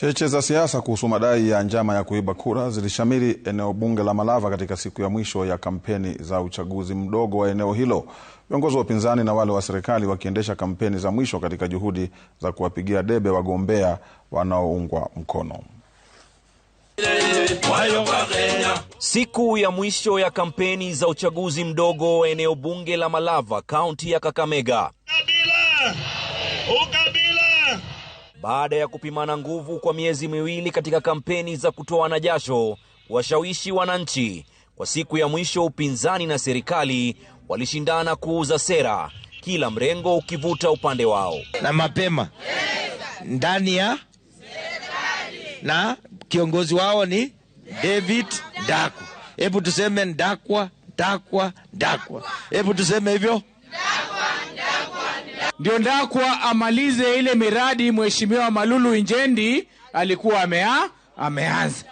Cheche za siasa kuhusu madai ya njama ya kuiba kura zilishamiri eneo bunge la Malava katika siku ya mwisho ya kampeni za uchaguzi mdogo wa eneo hilo, viongozi wa upinzani na wale wa serikali wakiendesha kampeni za mwisho katika juhudi za kuwapigia debe wagombea wanaoungwa mkono. Siku ya mwisho ya kampeni za uchaguzi mdogo wa eneo bunge la Malava, kaunti ya Kakamega Kabila. Baada ya kupimana nguvu kwa miezi miwili katika kampeni za na jasho, washawishi wananchi, kwa siku ya mwisho upinzani na serikali walishindana kuuza sera, kila mrengo ukivuta upande wao, na mapema ndani ya na kiongozi wao ni David daku Hebu tuseme Ndakwa, dakwa dakwa hebu tuseme hivyo ndio ndakwa amalize ile miradi mheshimiwa Malulu Injendi alikuwa amea, ameanza,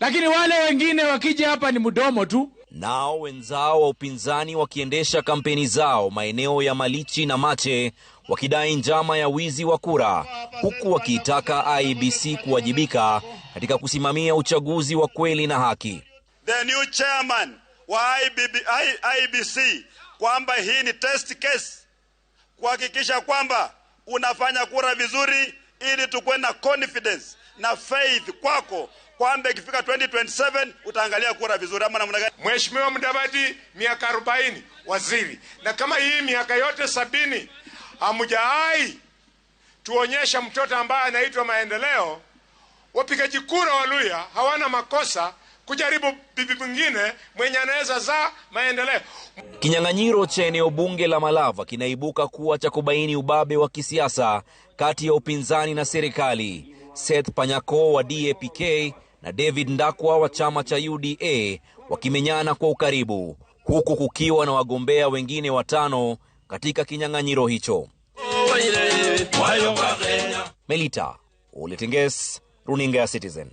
lakini wale wengine wakija hapa ni mdomo tu. Nao wenzao wa upinzani wakiendesha kampeni zao maeneo ya Malichi na Mache wakidai njama ya wizi wa kura, huku wakiitaka IBC e kuwajibika katika kusimamia uchaguzi wa kweli na haki. The new chairman wa IBB, I, e IBC e kwamba hii ni test case kuhakikisha kwamba unafanya kura vizuri, ili tukuwe na confidence na faith kwako kwamba ikifika 2027 utaangalia kura vizuri, ama namna gani? Mheshimiwa Mdavadi, miaka 40 waziri, na kama hii miaka yote sabini hamjaai tuonyesha mtoto ambaye anaitwa maendeleo. Wapigaji kura wa Luhya hawana makosa kujaribu bibi mwingine mwenye anaweza zaa maendeleo. Kinyang'anyiro cha eneo bunge la Malava kinaibuka kuwa cha kubaini ubabe wa kisiasa kati ya upinzani na serikali. Seth Panyako wa DAPK na David Ndakwa wa chama cha UDA wakimenyana kwa ukaribu, huku kukiwa na wagombea wengine watano katika kinyang'anyiro hicho. Melita Oletenges, runinga ya Citizen.